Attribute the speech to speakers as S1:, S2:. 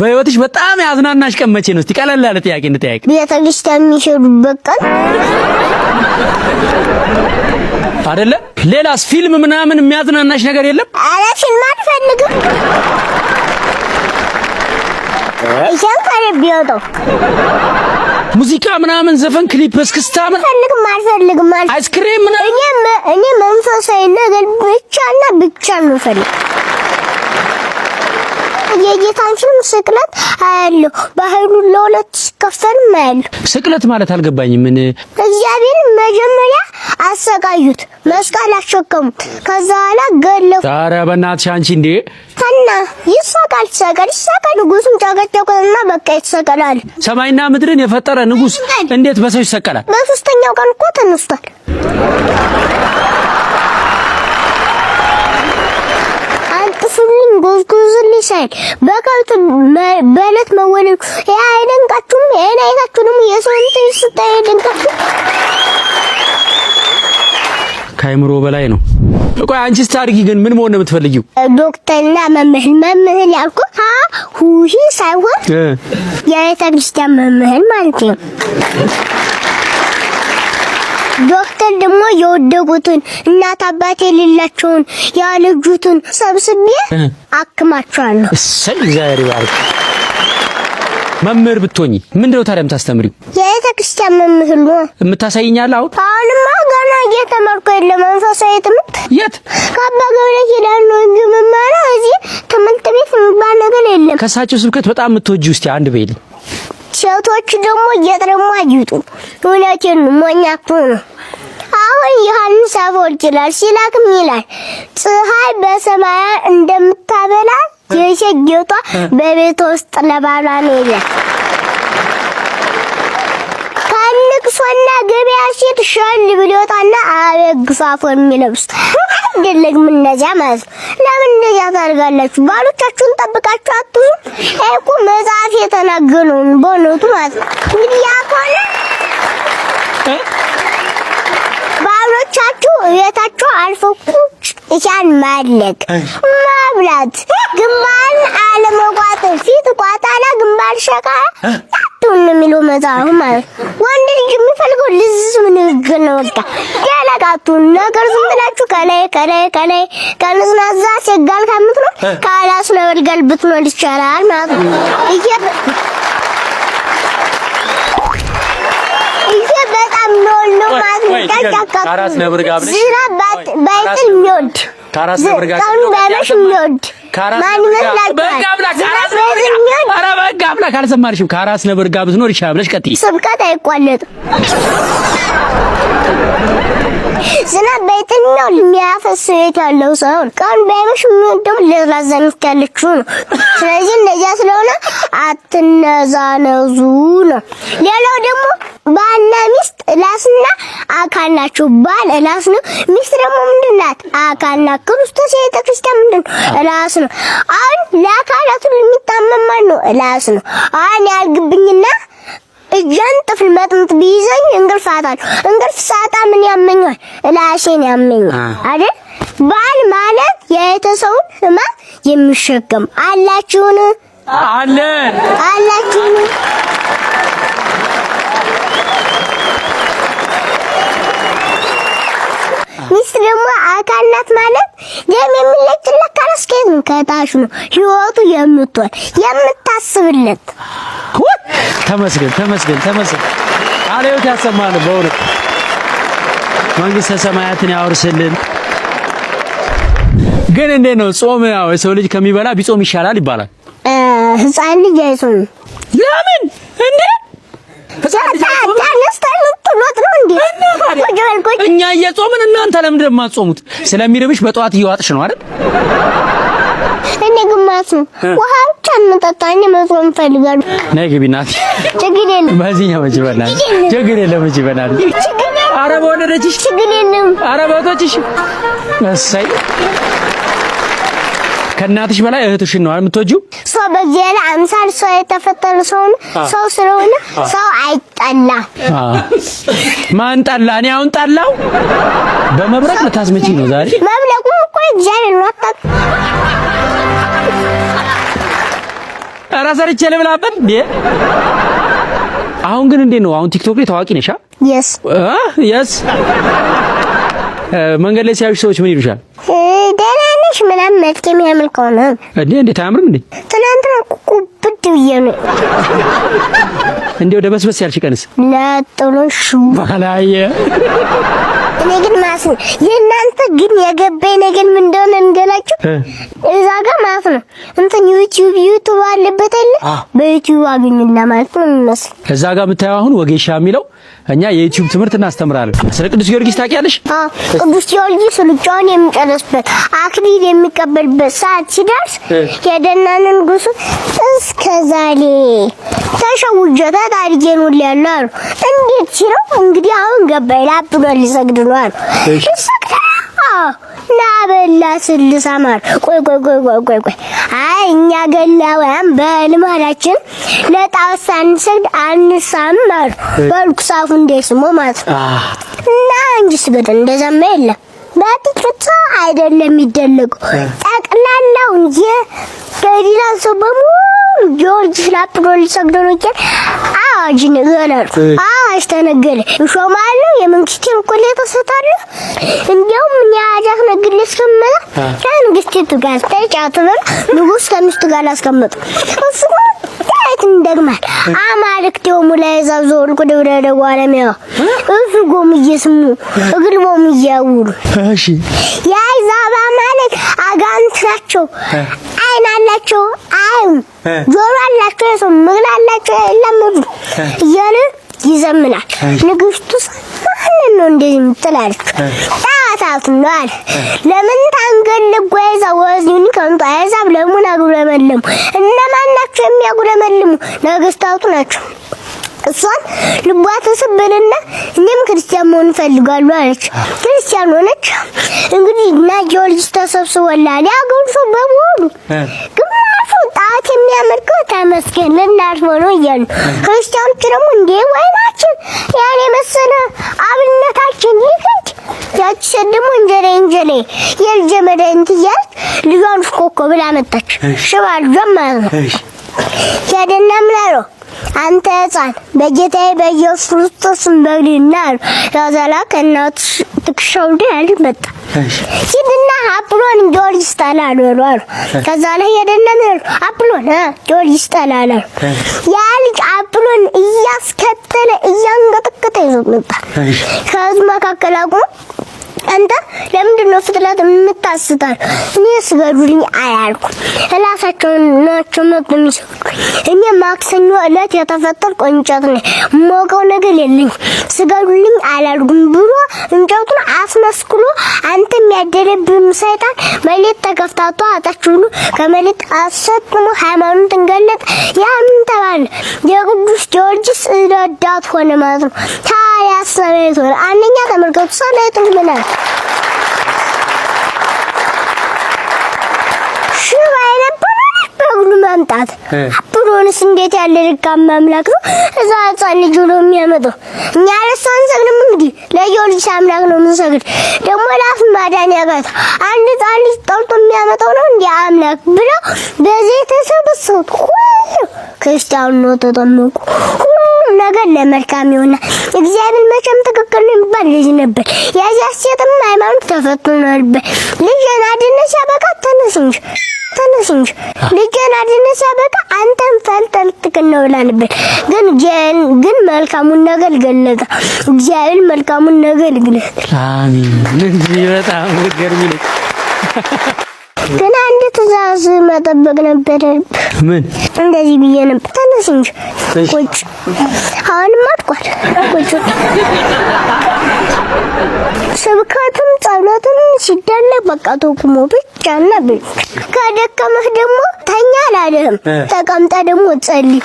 S1: በህይወትሽ በጣም ያዝናናሽ ቀን መቼ ነው? እስቲ ቀለል ያለ ጥያቄ እንጠያየቅ።
S2: ቤተክርስቲያን የሚሄዱበት ቀን
S1: አይደለ? ሌላስ ፊልም ምናምን የሚያዝናናሽ ነገር የለም?
S2: አረ ፊልም አልፈልግም። ሸንካሬ ቢወጣው
S1: ሙዚቃ ምናምን፣ ዘፈን፣ ክሊፕ፣ እስክስታ ምን
S2: አልፈልግም፣ አልፈልግም። አይስክሬም ምናምን እኔ መንፈሳዊ ነገር ብቻና ብቻ ነው ፈልግ የጌታን ፊልም ስቅለት አያለሁ። በኃይሉ ለሁለት ሲከፈልም ማያለሁ።
S1: ስቅለት ማለት አልገባኝ። ምን
S2: እግዚአብሔርን መጀመሪያ አሰቃዩት፣ መስቀል አሸከሙት፣ ከዛ በኋላ ገለፉ።
S1: ኧረ በእናትሽ አንቺ እንዴ
S2: እና ይሰቀል ሰቀል ይሰቀል። ንጉሱም ጨቀጨቁና በቃ ይሰቀላል።
S1: ሰማይና ምድርን የፈጠረ ንጉስ እንዴት በሰው ይሰቀላል?
S2: በሶስተኛው ቀን እኮ ተነስቷል። ትንሣኤ በከብት በለት መወለዱ ያ አይደንቃችሁም? ያን አይታችሁንም? የሰውን ትንሽ ስታይ አይደንቃችሁ?
S1: ከአይምሮ በላይ ነው። ቆይ አንቺ ስታድጊ ግን ምን መሆን ነው የምትፈልጊው?
S2: ዶክተርና መምህር። መምህር ያልኩ ሀ ሁሂ ሳይሆን የቤተ ክርስቲያን መምህር ማለት ነው። ሲቀጥል ደግሞ የወደቁትን እናት አባት የሌላቸውን ያልጁትን ሰብስቤ አክማቸዋለሁ።
S1: እሰይ እግዚአብሔር ይባርክ። መምህር ብትሆኚ ነው ታዲያ የምታስተምሪው?
S2: የቤተ ክርስቲያን መምህር ነው።
S1: የምታሳይኛለህ? አሁን
S2: አሁንማ ገና እየተማርኩ የለ መንፈሳዊ ትምህርት የት ከአባ ገብረ ኪዳን ነው እንጂ የምማረው እዚህ ትምህርት ቤት የሚባል ነገር የለም።
S1: ከእሳቸው ስብከት በጣም የምትወጂው እስቲ አንድ በይልኝ።
S2: ሴቶች ደግሞ እየጠረሙ አይውጡ። እውነቴን ነው። ሞኝ እኮ ነው። ሲሆን ዮሐንስ አፈወርቅ ይላል። ሲላክም ይላል ፀሐይ በሰማያ እንደምታበላ የሴት ጌጧ በቤቷ ውስጥ ለባሏ ነው ይላል። ከንቅሶና ገበያ ሴት ሸል ብሎጣና አበግሶ አፎን የሚለብሱት አይደለም እነዚያ ማለት ነው። ለምን እንደዚያ ታደርጋላችሁ? ባሎቻችሁን ጠብቃችሁ አትዙ። እኮ መጽሐፍ የተናገረውን በእውነቱ ማለት ነው እንግዲህ ያ ከሆነ ብዙዎቻችሁ እቤታችሁ አልፎ ቁጭ እሻን ማለቅ ማብላት፣ ግንባርን አለመቋጥ ፊት ቋጣላ ግንባር ሸቃ ቱን የሚለው መጽሐፍ ማለት ወንድ ልጅ የሚፈልገው ልዝዝ ንግግር ነው። በቃ ያለቃቱን ነገር ዝም ብላችሁ ከላይ ከላይ ከላይ ከንዝናዛ ሴጋል ከምትኖር ካላሱ ነገር ገልብት ነው ይቻላል ማለት ነው።
S1: ከአራስ ነብር ጋር ነብር ጋር ብትኖር ይሻላል ብለሽ ቀጥይ።
S2: ስብከት አይቋለጥም። ዝናብ በይጥን ነው የሚያፈሰው ያለው ሳይሆን ቀን ባይመሽ የሚወደው ልራዘምት ያለችው ነው። ስለዚህ እንደዚያ ስለሆነ አትነዛነዙ ነው። ሌላው ደግሞ ባልና ሚስት እላስና አካል ናቸው። ባል እላስ ነው። ሚስት ደግሞ ምንድን ናት? አካል ናት። ክርስቶስ የቤተ ክርስቲያን ምንድን ነው? እላስ ነው። አሁን ለአካላት ሁሉ የሚታመም ማን ነው? እላስ ነው። አሁን ያልግብኝና እጄን ጥፍል መጥምጥ ቢይዘኝ እንቅልፍ አጣለሁ። እንቅልፍ ሳጣ ምን ያመኛል? እላሴን ያመኛል አይደል? ባል ማለት የቤተሰቡን ሕማም የሚሸከም አላችሁን? አለን አላችሁን? ሚስት ደግሞ አካል ናት ማለት ደም የሚለጭለት ከታሹ ነው ህይወቱ የምትወል የምታስብለት
S1: ተመስገን ተመስገን ተመስገን ያሰማል በእውነት መንግስተ ሰማያትን ያወርስልን። ግን እንዴት ነው ጾም? ያው የሰው ልጅ ከሚበላ ቢጾም ይሻላል ይባላል።
S2: ህፃን ልጅ አይጾም።
S1: ለምን እንዴ? እኛ እየጾምን እናንተ ለምን እንደማትጾሙት? ስለሚርብሽ በጠዋት እየዋጥሽ ነው አይደል?
S2: እኔ ግማስ ውሃ ብቻ እንጠጣኝ መጾም ፈልጋለሁ። ነይ ግቢ እናቴ። ችግር የለም
S1: በዚህኛው መች ችግር የለም መች ይበላል። ኧረ በወደደችሽ
S2: ችግር የለም።
S1: ኧረ በቶችሽ እሰይ ከእናትሽ በላይ እህትሽን ነው የምትወጂው።
S2: ሰው ላይ አምሳል ሰው የተፈጠረ ሰው ሰው ስለሆነ ሰው አይጠላ።
S1: ማን ጠላ? እኔ አሁን ጠላው። በመብረቅ ልታስመጪ ነው ዛሬ።
S2: መብረቁ እኮ ጀል ነው።
S1: ኧረ ሰርቼ ልብላበት። አሁን ግን እንዴ ነው? አሁን ቲክቶክ ላይ ታዋቂ ነሻ? የስ የስ መንገድ ላይ ሲያዩሽ ሰዎች ምን ይሉሻል?
S2: ትንሽ ምናምን መልክ የሚያምር ከሆነ
S1: እንዴ እንዴት አያምርም እንዴ?
S2: ትናንትና ቁቁብድ ብዬ ነው።
S1: እንዲያው ደበስበስ ያልሽ ቀንስ
S2: ለጥሎሹ ባላየ እኔ ግን ማስ ነው የእናንተ ግን የገባኝ ነገር ምን እንደሆነ እንገላችሁ። እዛ ጋር ማለት ነው እንትን ዩቲዩብ ዩቲዩብ አለበት አይደል? በዩቲዩብ አገኝላ ማለት ነው የሚመስል
S1: እዛ ጋር የምታየው አሁን ወጌሻ የሚለው እኛ የዩቲዩብ ትምህርት እናስተምራለን። ስለ ቅዱስ ጊዮርጊስ ታውቂያለሽ?
S2: አዎ፣ ቅዱስ ጊዮርጊስ ሩጫውን የሚጨርስበት አክሊል የሚቀበልበት ሰዓት ሲደርስ የደና ንጉሱ እስከ ዛሬ ተሸውጄ ታታሪጌ ነው ያለው አሉ። እንዴት ሲለው እንግዲህ አሁን ገባኝ ላብ ብሏል፣ ሊሰግድ ነው አሉ። ይሰግዳል። ናበላ ስልሳማር ቆይ ቆይ ቆይ ቆይ ቆይ ቆይ አይ እኛ ገላውያን በልማዳችን ለጣዖት አንሰግድ አንሳማር በልኩሳፉ እንደ ስሙ ማለት ነው። እና እንጂ ስገድ እንደዛማ የለም በጥቂት አይደለም የሚደለገው ጠቅላላው እንጂ ከዲላ ሰው በሙሉ ጆርጅ ላፕዶል ሰግዶ ነው ይችላል አዎ ጂን አዎ አዋጅ ተነገረ። እሾማለሁ፣ የመንግስቴን እኮሌታ እሰጣለሁ። እንዲያውም እኛ አጃፍ ነግል እስከመጣ ከመንግስቴቱ ጋር ተጫቱ ብለው ንጉስ ከሚስቱ ጋር አስቀመጡ። እሱ ታይት እንደግማል አማልክት የሙ ላይ ዛብዞ ወልቁ ደብረ ደጓለም ያው እሱ ጎም እየስሙ እግል እግልቦም እያውሉ እሺ የአሕዛብ አማልክት አጋንት ናቸው። ዓይን አላቸው አዩ፣ ጆሮ አላቸው የሰሙ፣ እግር አላቸው የለም እያለ ይዘምናል። ንግስቱ ማንን ነው እንደዚህ የምትላለች? ታታት ነው አለ። ለምን ታንገልጎ የዛወዝኝ ከንቱ አይዛብ ለሙን አጉረመለሙ። እነማን ናቸው የሚያጉረመልሙ? ነገስታቱ ናቸው። እሷን ልቧ ተሰበረና እኔም ክርስቲያን መሆን እፈልጋለሁ አለች። ክርስቲያን ሆነች። እንግዲህ እና ጊዮርጊስ ተሰብስቦላል ያገሩ ሰው በሙሉ ግማሹ ጣት የሚያመልከው ተመስገን ልናልፎ ነው እያሉ ክርስቲያኖች ደግሞ እንዴ ወይናችን ያን የመሰለ አብነታችን ይፈጅ ያቺ ሴት ደግሞ እንጀሌ እንጀሌ የልጄ መድኃኒት እያለች ልጇን ሽኮኮ ብላ መጣች። ሽባ ልጇን ማለት ነው ያደና ምላለው አንተ ሕፃን በጌታ በኢየሱስ ክርስቶስ በልና አሉ። ያዛላ ከእናቱ ትከሻው ላይ አልመጣ ሂድና አጵሎን ጊዮርጊስ ተላሉ አሉ። ከዛ ላይ ሄደና አጵሎን ጊዮርጊስ ተላሉ። ያ ልጅ አጵሎን እያስከተለ እያንቀጠቀጠ ይዞ መጣ። ከህዝብ መካከል አቁሞ አንተ ለምንድን ነው ፍጥረት የምታስታል? እኔ ስገዱልኝ አያልኩም። እራሳቸው ናቸው መብት የሚሰጡኝ። እኔ ማክሰኞ ዕለት የተፈጠርኩ እንጨት ነኝ። የማውቀው ነገር የለኝ ስገዱልኝ አላልኩም ብሎ እንጨቱን አስመስክሎ አንተ የሚያደረብም ሰይጣን መሬት ተከፍታቷ አጣችሁሉ ከመሬት አሰጥሞ ሃይማኖት እንገለጥ ያምን ተባለ። የቅዱስ ጊዮርጊስ ረዳት ሆነ ማለት ነው። ታያ ታያሰበይቶ አንደኛ ሲያምር ገብቷል አይጥልምናል። ሽባ የነበረ በእግሩ መምጣት ኑሮንስ እንዴት ያለ ልካም አምላክ ነው! እዛ ህጻን ልጅ ነው የሚያመጣው። እኛ ለሱ አንሰግድም። እንግዲህ ለየው ልጅ አምላክ ነው የምንሰግድ። ደግሞ ለአፍ ማዳን ያጋት አንድ ህጻን ልጅ ጠልጦ የሚያመጣው ነው እንዲህ አምላክ ብለው በዚህ የተሰበሰቡት ሁሉ ክርስቲያኑ ነው ተጠመቁ። ሁሉም ነገር ለመልካም ይሆናል። እግዚአብሔር መቼም ትክክል የሚባል ልጅ ነበር። የዚያ ሴትም ሃይማኖት ተፈትኖ ነበር። ልጅ ናድነሽ ያበቃት ተነስ እንጂ ትንሽ እንጂ ልጄን አድነ ሲያበቃ አንተን ፈልጠን ትክን ነው ብላንብን ግን ጀን ግን መልካሙን ነገር ገለጣ እግዚአብሔር መልካሙን ነገር ይግለጥ።
S1: አሜን። ምን ይወጣ ወገር ምን
S2: ትዕዛዝ መጠበቅ ነበረ። ምን እንደዚህ ብዬ ነበር። ተነስ እንጂ ቁጭ። አሁንም አድቋል። ቁጭ ስብከትም ጸሎትም ሲደነ በቃ ተቁሞ ብቻና ብቻ። ከደከመህ ደግሞ ተኛ አላለህም። ተቀምጠ ደግሞ ጸልይ